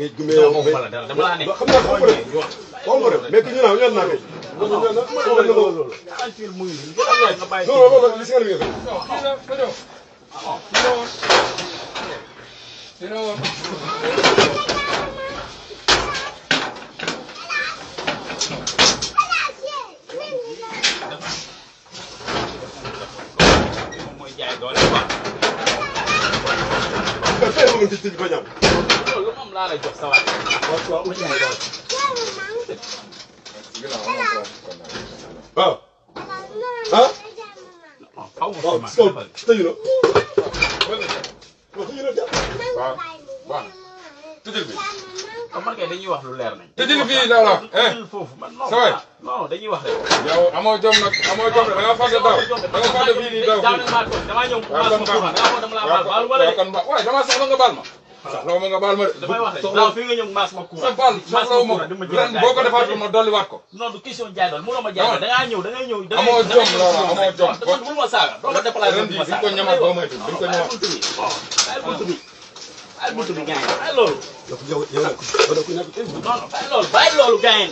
mais mais yow xam nga xam nga xam nga mais que ñu naan ñoom naa koy. non non jaay doole quoi. moom laa lay jox sa waay. Ah. Ah. waaw. ah. waaw xaw ma tëj na. waaw waaw tëjal bi. kon man kay dañuy wax lu leer nañ. tëjal bi laa la eh. foofu man non ah, non dañuy wax rek. yow amoo jom nag amoo jom da nga fàtte daw da nga fàtte bii nii daw. damaa ñëw dama la baal wala. waaw kon waaye damaa soxla nga baal ma. soxla ma nga baal ma de. damay wax rek daaw fi nga ñëw maas ma kuura. maas ma kuura dama jël ren boo ko defaatoon ma dolliwaat ko. non du question jaay doon mënoo ma jaay doon da ngaa ñëw da ngay ñëw. amoo jom loola amoo jom boo mënu ma saaga. doo ma déplacé ren bii ko ñamal boo moytu duñ ko ñamal. waaw buntu bi waaw buntu bi gaañ waaye loolu. yow yow non non bàyyi loolu bàyyi loolu gaañ.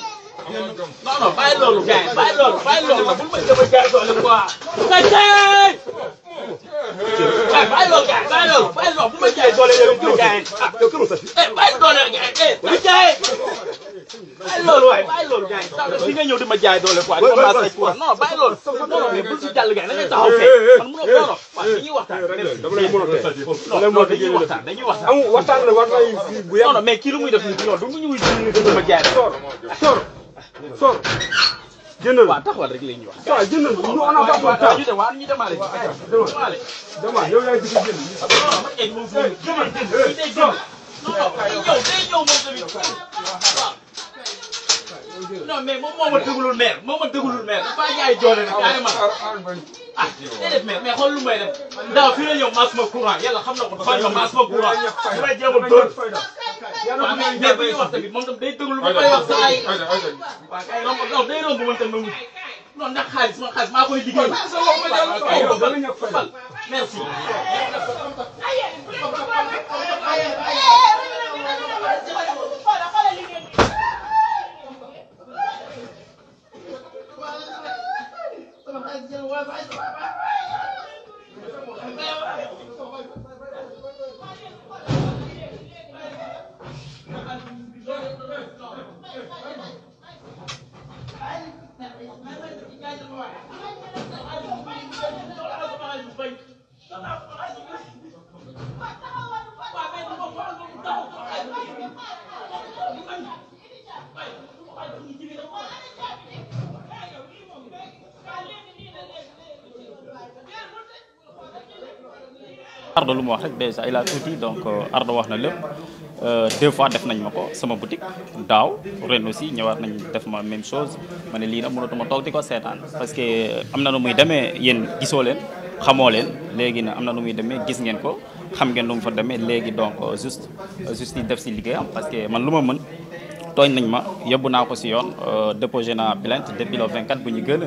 non non bàyyi loolu gaañ bàyyi loolu bàyyi loolu bul ma jëm a jaay doole quoi. bàyyi loo gars bàyyi loo bàyyi loo bu ma jaayee doole yow kër jaayee ah yow kër sax bàyyi doole jaayee bu jaayee bàyyi loolu waaye bàyyi loolu jaayee sax bi nga ñëw di ma jaay doole quoi non bàyyi loolu non mais bul si jàll gars da ngay taxaw fee man mënoo mënoo waaw dañuy waxtaan non dañuy waxtaan dañuy waxtaan amul waxtaan la war nañu bu yàgg non mais kii lu muy def nii loolu du mu ñuy di ma jaay sor sor sor jëndal waaw taxawal rek lañuy wax. waaw jëndal ñu on a pas trop tard waaw ñu demaale demaale yow yaay jënd non mais moom moo ma dégluwul meer moo ma dégluwul meer dafa yaay joone na carrément ah, ah, ah, ah déedéet meer mais xool lu may def daaw fi la ñëw maas ma courant yàlla xam na ko dafa ñëw maas ma courant dama jéem a dóor waaw mais mais bu ñuy wax tamit moom tam day déglu lu ma koy wax saa yi. waaw kay romb day romb man tam ma wut. non ndax xaalis man xaalis maa koy liggéey. merci. Ardo lu mu wax rek déjà il a tout dit donc euh, Ardo wax na lépp euh, deux fois def nañ ma ko sama boutique daaw ren aussi ñëwaat nañ def ma même chose ma lii nag mënatuma toog di ko seetaan parce am na nu muy demee yéen gisoo leen xamoo leen léegi na am na nu muy demee gis ngeen ko xam ngeen nu mu fa demee léegi donc euh, juste juste yi def si liggéeyam parce que man lu ma mën tooñ nañ ma yóbbu naa ko si yoon déposé naa plainte depuis le 24 bu ñu gën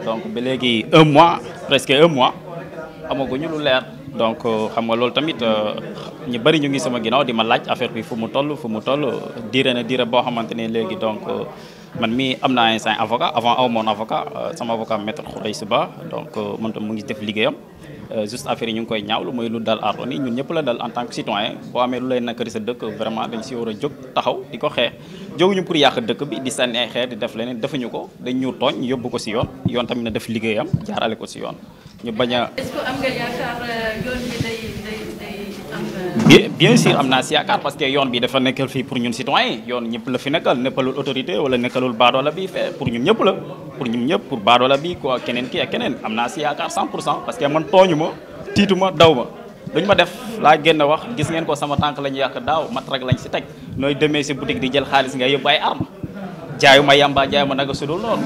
a donc ba léegi un mois presque donc euh, xam nga loolu tamit euh, ñu bëri ñu ngi sama ginaaw di ma laaj affaire bi fu mu toll fu mu toll diire na diire boo xamante ne léegi donc euh, man mii am naa instant avocat avant aw moon avocat sama avocat maître Khouraïssa Ba donc moom tam mu ngi def liggéeyam juste affaire yi ñu ngi koy ñaaw ñaawlu mooy lu dal Arona ñun ñëpp la dal en tant que citoyen boo amee lu lay nakari sa dëkk vraiment dañ si war a jóg taxaw di ko xeex jóguñu pour yàq dëkk bi di sànni ay xeer di def leneen defuñu ko dañ ñu tooñ yóbbu ko si yoon yoon tamit na def liggéeyam jaarale ko si yoon ñu bañ a. est-ce que am nga euh, euh, bien bien am naa si yaakaar parce que yoon bi dafa nekkal fii pour ñun citoyen yoon ñëpp la fi nekkal nekkalul autorité wala nekkalul baadoola bi fee pour ñun ñëpp la pour ñun ñëpp pour baadoola bi ko keneen ki ak keneen am na si yaakaar 100 pour cent parce que man tooñu ma tiitu ma daw ma. duñ ma def laa génn wax gis ngeen ko sama tànk lañu yàq daaw matrak lañ si teg nooy demee si boutique di jël xaalis nga yóbbu ay arme jaayu ma yamba jaayu ma naga sudul loolu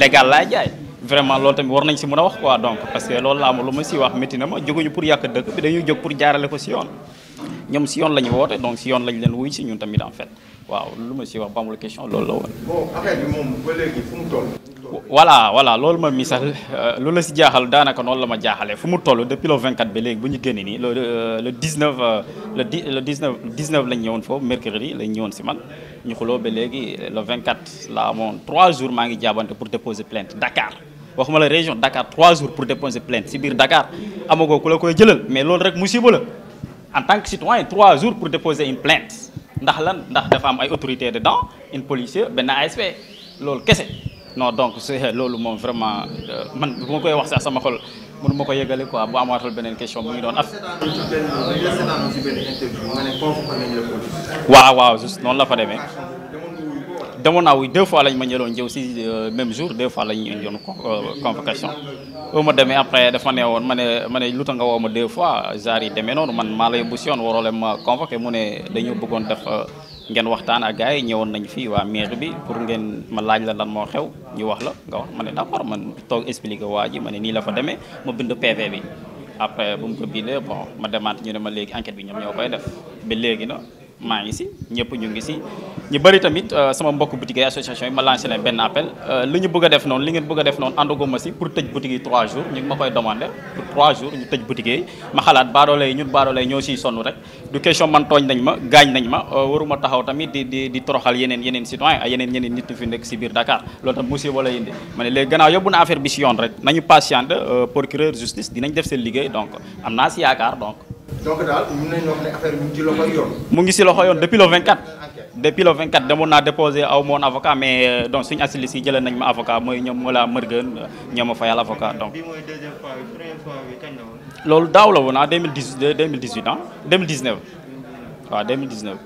légal laay jaay vraiment loolu tamit war nañ si mën a wax quoi donc parce que loolu ma wax métti na ma jóguñu pour yàq dëkk bi dañuy jóg pour yoon la ñu woote donc si yoon lañ leen wuy si ñun tamit en fait waaw lu ma wax ba amul question loolu la woon. bon moom ba léegi fu misaal euh, lu la si jaaxal daanaka noonu la ma jaaxalee fu mu toll depuis le 24 ba léegi bu ñu génnee nii le euh, le 19 euh, le la le 19 19 lañ ñëwoon foofu mercredi lañ ñëwoon si man ñu xuloo ba léegi le 24 la amoon 3 jours maa ngi jaabante pour déposer plainte dakaar waxuma la région Dakar 3 jours pour déposer plainte si biir Dakar amagoo ku la koy jëlal mais loolu rek musiba la en tant que citoyen 3 jours pour déposer une plainte ndax lan ndax dafa am ay autorités dedans une policier benn ASP loolu kese non donc c'est euh, loolu moom vraiment euh, man bu koy wax sax sama xol mënu ma ko yeggale ko bu amaatul beneen question bu ngi doon af. waaw waaw juste noonu la fa demee. demoon naa wuy deux fois lañ ma ñëloon jëw si euh, même jour deux fois lañ indiwoon euh, convocation boo ma demee après dafa ne woon ma ne ma ne lu tax nga woo ma deux fois genre yi demee noonu man maa la yóbbu si yoon waroo leen ma convoqué dañoo bëggoon def euh, ngeen waxtaan ak gars yi ñëwoon nañ fii waa mairie bi pour ngeen ma laaj la lan moo xew ñu wax la nga wax ma ne d'accord man toog expliqué waa ji ma ne nii la fa demee ma bind PV bi après bu mu ko bindee bon ma demaat ñu ne ma léegi enquête bi ñoom ñoo koy def ba léegi na maa ngi si ñëpp ñu ngi si ñu bari tamit euh, sama mbokk boutique association yi ma lancé leen benn appel euh, li ñu bëgg def noonu li ngeen bëgg a def noonu àndaguma si pour tëj boutique yi 3 jours ñu ngi ma koy demandé pour 3 jours ñu tëj boutique yi ma xalaat baadoole yi ñun baadoole yi ñoo siy sonn rek du question man tooñ nañ ma gaañ nañ ma euh, waruma taxaw tamit di di di toroxal yeneen yeneen citoyen ay yeneen yeneen nit fi nekk si biir Dakar loolu tam monsieur wala indi ma ne léegi gannaaw yóbbu na def seen liggéey donc am naa si donc donc daal mën nañu mu ngi ci loxo yoon. mu ngi si loxo yoon depuis le 24. Ah, depuis le demoon naa déposé aw moon avocat mais euh, donc suñu asili si jëlee nañ ma avocat mooy ñoom Mollah Morgun euh, ñoo ma fayal avocat donc. bii mooy deuxième fois bi première fois bi kañ la woon. loolu daaw la woon ah 2018 2018 ah 2019 waaw 2019.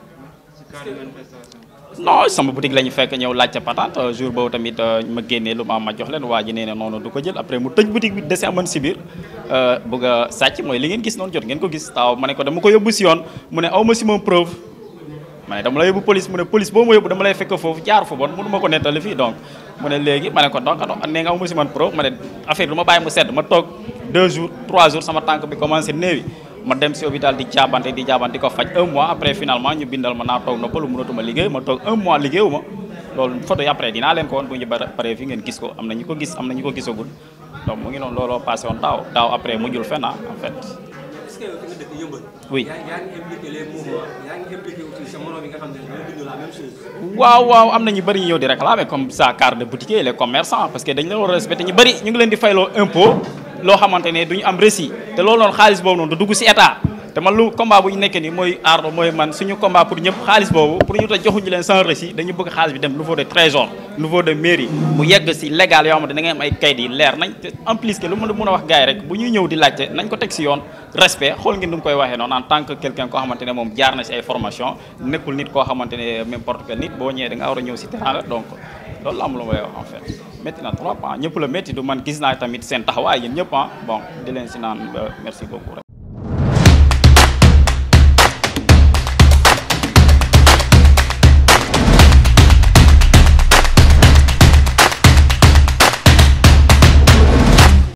non sama boutique la ñu fekk ñëw laajte patate euh, jour boobu tamit euh, ma génnee lu ma ma jox leen waa ji ne noonu du ko jël après mu tëj boutique bi dese amoon si biir euh, sàcc mooy li ngeen gis noonu jot ngeen ko gis taaw ma ne ko dama ko yóbbu si yoon mu ne aw ma si moom preuve ma ne dama la yóbbu police mu ne police boo ma yóbbu dama lay fekk foofu jaar fa bon mënu ma ko nettali fii donc mu ne léegi ma ne ko donc nee nga aw ma si ma ne affaire du ma mu sedd ma toog deux jours trois jours sama bi commencé néewi ma dem si hôpital di jaabante di jaabante di ko faj un mois après finalement ñu bindal ma naa toog noppalu mënatuma liggéey ma toog un mois liggéeyu ma loolu yi après dinaa leen ko woon bu fi ngeen gis ko am na ñu ko gis am na ñu ko gisagul donc mu ngi noonu looloo passé woon daaw daaw après mujjul fenn en fait. que yow sa morom yi nga xam ne ñoo waaw waaw am na ñu bëri ñu ñëw di réclamer comme ça carte de boutique les parce que dañ la war a respecté ñu ngi leen di fayloo impôt loo xamante ne duñu am récit te loolu noonu xaalis boobu noonu dugg si état te man lu combat bu ñu nekkee nii mooy Ardo mooy man suñu combat pour ñëpp xaalis boobu pour ñu ta joxuñu leen sans récit dañu bëgg xaalis bi dem niveau mu yegg si légal yoo xamante da am ay kayit yi leer nañ te en plus que lu mën a mën a wax gars yi rek bu ñuy ñëw di laajte nañ ko teg si yoon respect xool ngeen du koy waxee noonu en tant que quelqu'un koo xamante ne moom jaar na si koo xamante ne n'importe quel nit boo a loolu la am lu ma wax na trop ah ñëpp la métti du man gis naa tamit seen taxawaay yéen ñëpp ah bon di leen si naan euh, merci beaucoup